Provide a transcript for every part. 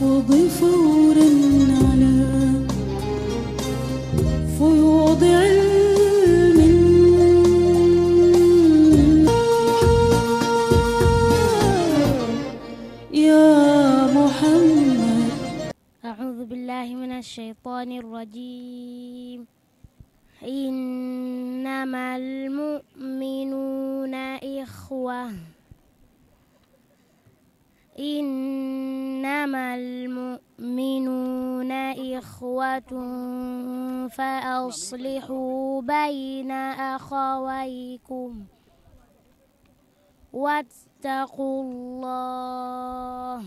فاضي فورا على فيوض علم يا محمد أعوذ بالله من الشيطان الرجيم إنما المؤمنون إخوة إن إنما المؤمنون إخوة فأصلحوا بين أخويكم واتقوا الله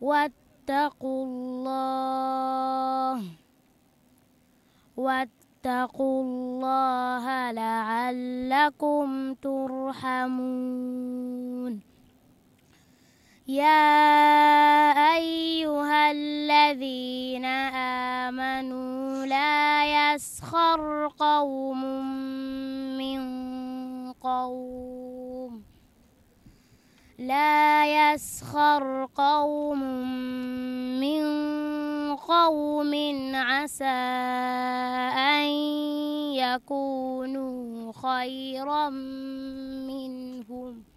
واتقوا الله واتقوا الله لعلكم ترحمون يا أيها الذين آمنوا لا يسخر قوم من قوم لا يسخر قوم من قوم عسى أن يكونوا خيرا منهم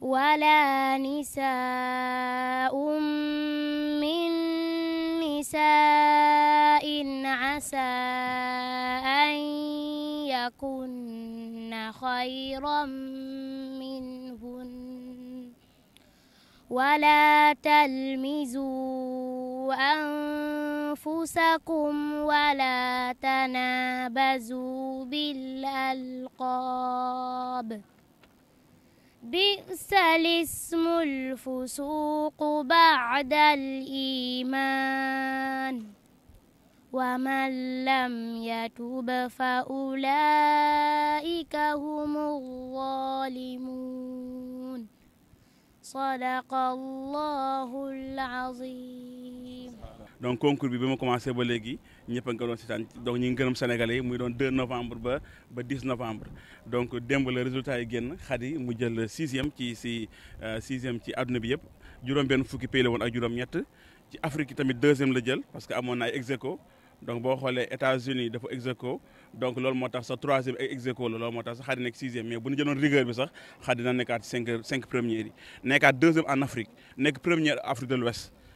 ولا نساء من نساء عسى أن يكن خيرا منهن ولا تلمزوا أنفسكم ولا تنابزوا بالألقاب بئس الاسم الفسوق بعد الإيمان ومن لم يتب فأولئك هم الظالمون صدق الله العظيم Donc concours, nous avons commencé par là Donc nous sommes pas eu de le 2 novembre, le 10 novembre. Donc le résultat, est y a eu le 6e qui est 6e qui a dû le biper. Durant bien sûr que les 1er et durant 2 l'Afrique est le 2e le 6e parce que à mon exécutif. Donc bon, les États-Unis de l'exécutif. Donc l'homme est à 3e exécutif. L'homme est à la 6e. Mais bon, il y a eu des résultats. Il y a eu les 5 premiers. Les 2e en Afrique. Les premiers afrique de l'Ouest.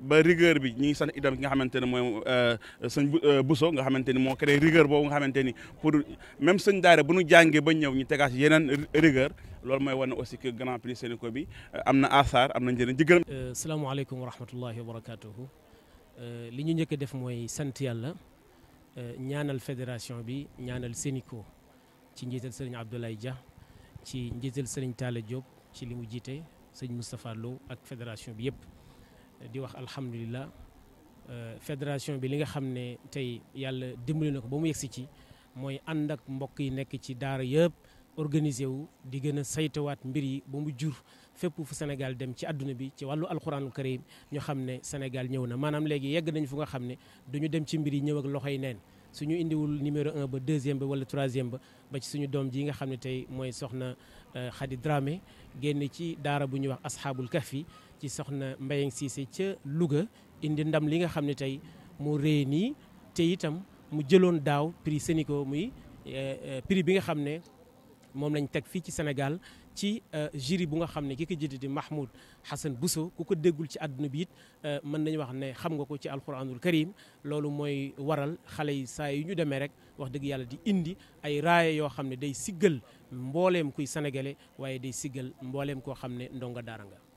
ba rigueur bi ñi ngi sant itam ki nga xamante ne mooy euh, sëñ euh, Bousso nga xamante ni moo créé rigueur boobu nga xamante ni pour même sëñ daara bu ñu jàngee ba ñëw ñu tegaat yeneen rigueur loolu mooy wane aussi que grand prix Sénégal bi euh, am na asaar am na njëriñ di gërëm. salaamaaleykum wa rahmatullahi wa barakaatuhu li ñu njëkk a def mooy sant yàlla ñaanal fédération bi ñaanal Sénico ci njiital sëriñ Abdoulaye Dia ci njiital sëriñ Talla Diop ci li mu jiite sëñ Moustapha Lo ak fédération bi yëpp. di wax alhamdulilah euh, fédération bi li nga xam ne tey yàlla dimbali na ko ba mu yegsi ci mooy ànd ak mbokk yi nekk ci daara yëpp organisé wu di gën a saytawaat mbir yi ba mu jur fépp fu Sénégal dem ci àdduna bi ci wàllu alxuraanul karim ñu xam ne Sénégal ñëw na maanaam léegi yegg nañ fu nga xam ne du ñu dem ci mbir yi ñëw ak loxoy neen suñu indiwul numéro un ba deuxième ba wala troisième ba ba ci suñu doom ji nga xam ne tey mooy soxna euh, Khady Dramé génn ci daara bu ñuy wax asxaabul kahfi ci soxna Mbayang Cissé ca Louga indi ndam li nga xam ne tey mu rëy nii te itam mu jëloon daaw prix Sénico muy euh, euh, prix bi nga xam ne moom lañ teg fii ci Sénégal ci euh, jury bu nga xam ne ki ko jiite di Mahmoud Hassan Bousso ku ko déggul ci àdduna bi it euh, mën nañu wax ne xam nga ko ci alquranul karim loolu mooy waral xale yi saa yu ñu demee rek wax dëgg yàlla di indi ay raaya yoo xam ne day siggal mbooleem kuy sénégalais waaye day siggal mbooleem koo xam ne ndongo daara nga